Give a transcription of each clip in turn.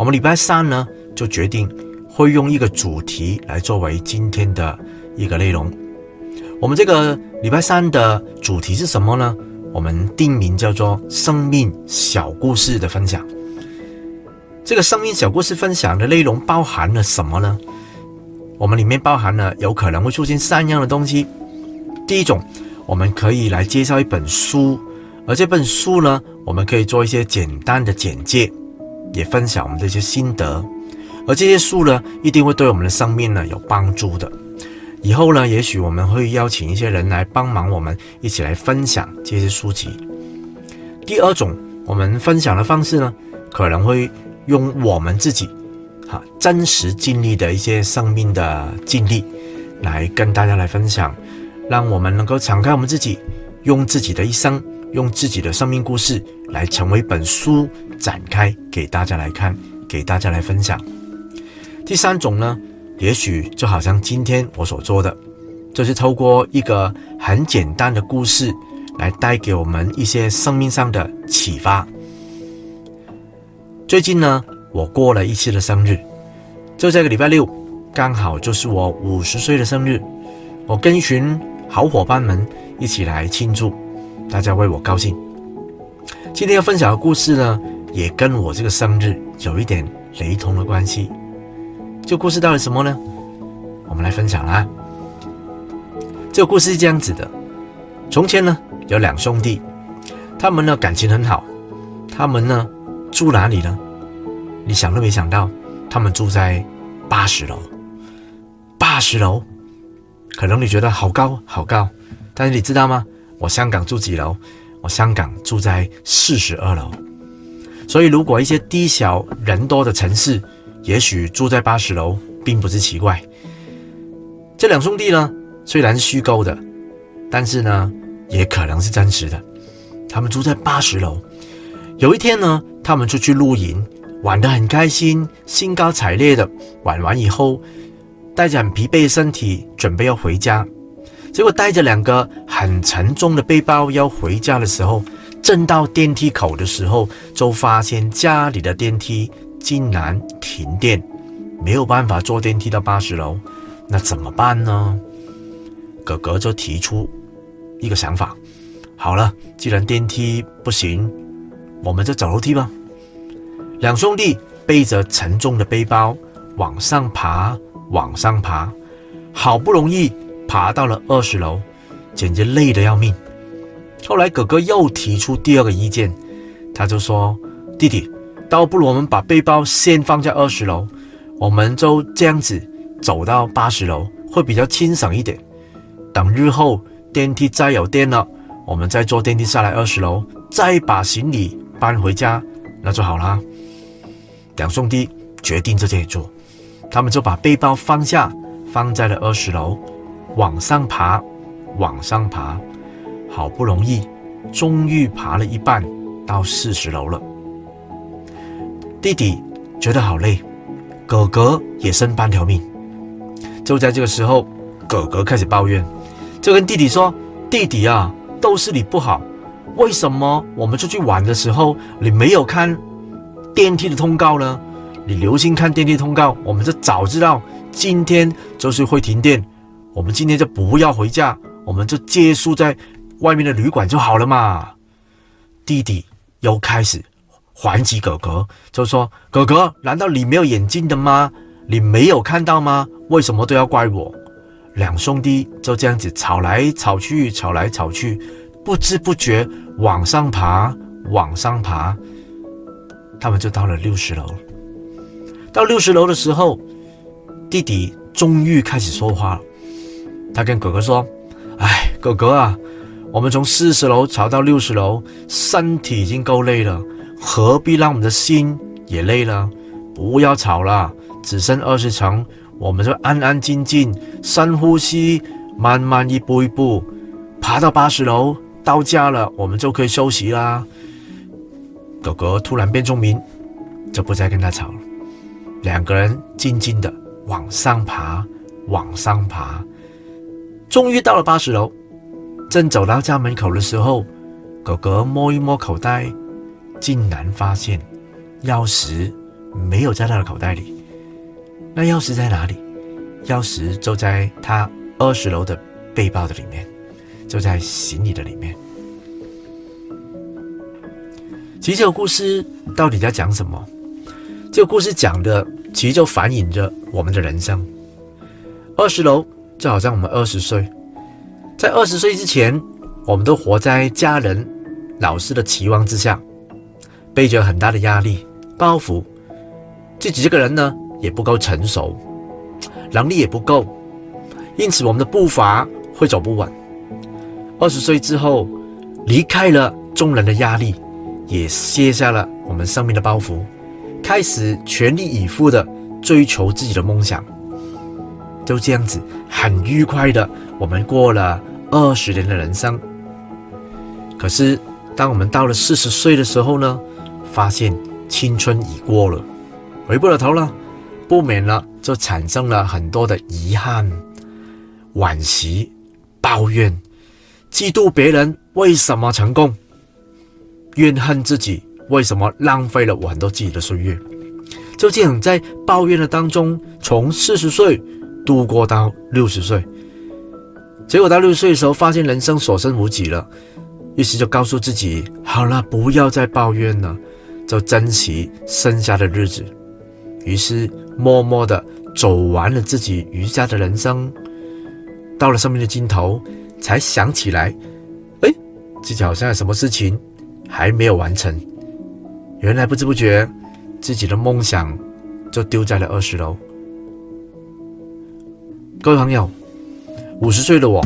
我們禮拜三呢，就決定會用一個主題來作為今天的一個內容。我們這個禮拜三的主題是什麼呢？我們定名叫做“生命小故事”的分享。這個生命小故事分享的內容包含了什麼呢？我們裡面包含了有可能會出現三樣的東西。第一種，我們可以來介紹一本書，而這本書呢，我們可以做一些簡單的簡介。也分享我們的一些心得，而這些書呢，一定會對我們的生命呢有幫助的。以後呢，也許我們會邀請一些人來幫忙，我們一起來分享這些書籍。第二種，我們分享的方式呢，可能會用我們自己，哈、啊，真實經歷的一些生命的經歷，來跟大家來分享，讓我們能夠敞開我們自己，用自己的一生，用自己的生命故事。來成為一本書，展開給大家來看，給大家來分享。第三種呢，也許就好像今天我所做的，就是透過一個很簡單的故事來帶給我們一些生命上的啟發。最近呢，我過了一次的生日，就這個禮拜六，剛好就是我五十歲的生日，我跟一群好夥伴們一起來慶祝，大家為我高興。今天要分享的故事呢，也跟我這個生日有一點雷同的關係。這個故事到底什麼呢？我們來分享啊。這個故事是這樣子的：從前呢，有兩兄弟，他們呢感情很好，他們呢住哪裡呢？你想都沒想到，他們住在八十樓。八十樓，可能你覺得好高好高，但是你知道嗎？我香港住幾樓？我香港住在四十二樓，所以如果一些地小人多的城市，也許住在八十樓並不是奇怪。這兩兄弟呢，雖然是虛構的，但是呢，也可能是真實的。他們住在八十樓，有一天呢，他們出去露營，玩得很開心，興高采烈的玩完以後，帶着很疲憊的身體，準備要回家。結果帶着兩個很沉重的背包要回家的時候，正到電梯口的時候，就發現家裡的電梯竟然停電，沒有辦法坐電梯到八十樓，那怎麼辦呢？哥哥就提出一個想法，好了，既然電梯不行，我們就走樓梯吧。兩兄弟背着沉重的背包往上爬，往上爬，好不容易。爬到了二十樓，簡直累得要命。後來哥哥又提出第二個意見，他就說：“弟弟，倒不如我們把背包先放在二十樓，我們就這樣子走到八十樓，會比較清爽一點。等日後電梯再有電了，我們再坐電梯下來二十樓，再把行李搬回家，那就好啦。”兩兄弟決定在這裡住，他們就把背包放下，放在了二十樓。往上爬，往上爬，好不容易，終於爬了一半，到四十樓了。弟弟覺得好累，哥哥也剩半條命。就在這個時候，哥哥開始抱怨，就跟弟弟說：“弟弟啊，都是你不好，為什麼我們出去玩的時候，你沒有看電梯的通告呢？你留心看電梯通告，我們就早知道今天就是會停電。”我們今天就不要回家，我們就借宿在外面的旅館就好了嘛。弟弟又開始還擊哥哥，就說：“哥哥，難道你沒有眼睛的嗎？你沒有看到嗎？為什麼都要怪我？”兩兄弟就這樣子吵來吵去，吵來吵去，不知不覺往上爬，往上爬，他們就到了六十樓。到六十樓的時候，弟弟終於開始說話了。他跟哥哥說：“哎，哥哥啊，我們從四十樓吵到六十樓，身體已經夠累了，何必讓我們的心也累了？不要吵了，只剩二十層，我們就安安靜靜、深呼吸，慢慢一步一步爬到八十樓，到家了，我們就可以休息啦。”哥哥突然變聰明，就不再跟他吵了。兩個人靜靜的往上爬，往上爬。終於到了八十樓，正走到家門口的時候，哥哥摸一摸口袋，竟然發現鑰匙沒有在他的口袋裡。那鑰匙在哪裡？鑰匙就在他二十樓的背包的裡面，就在行李的裡面。其實這個故事到底在講什麼？這個故事講的其實就反映着我們的人生。二十樓。就好像我們二十歲，在二十歲之前，我們都活在家人、老師的期望之下，背着很大的壓力、包袱。自己這個人呢，也不夠成熟，能力也不夠，因此我們的步伐會走不穩。二十歲之後，離開了眾人的壓力，也卸下了我們生命的包袱，開始全力以赴地追求自己的夢想。就這樣子，很愉快的，我們過了二十年的人生。可是，當我們到了四十歲的時候呢，發現青春已過了，回不了頭了，不免了就產生了很多的遺憾、惋惜、抱怨、嫉妒別人為什麼成功，怨恨自己為什麼浪費了我很多自己的歲月，就這樣在抱怨的當中，從四十歲。度過到六十歲，結果到六十歲的時候，發現人生所剩無幾了，於是就告訴自己：“好了，不要再抱怨了，就珍惜剩下的日子。”於是默默的走完了自己餘下的人生。到了生命的盡頭，才想起來：“哎，自己好像有什麼事情還沒有完成。”原來不知不覺，自己的夢想就丟在了二十樓。各位朋友，五十歲的我，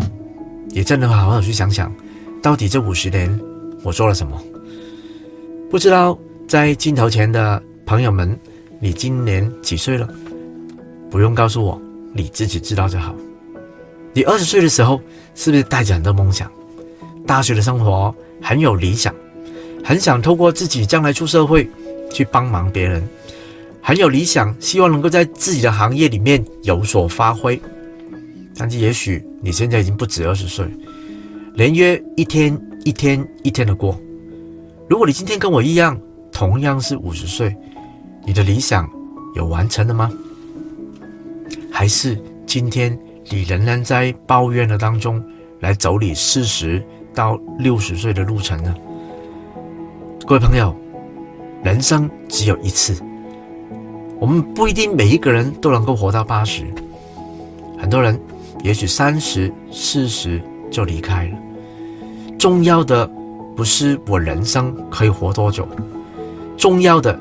也真的要好好去想想，到底這五十年我做了什麼？不知道在鏡頭前的朋友們，你今年幾歲了？不用告訴我，你自己知道就好。你二十歲的時候，是不是帶着很多夢想？大學的生活很有理想，很想透過自己將來出社會，去幫忙別人，很有理想，希望能夠在自己的行業裡面有所發揮。但是也許你現在已經不止二十歲，連約一天一天一天的過。如果你今天跟我一樣，同樣是五十歲，你的理想有完成了嗎？還是今天你仍然在抱怨的當中，來走你四十到六十歲的路程呢？各位朋友，人生只有一次，我們不一定每一個人都能夠活到八十，很多人。也許三十、四十就離開了。重要的不是我人生可以活多久，重要的。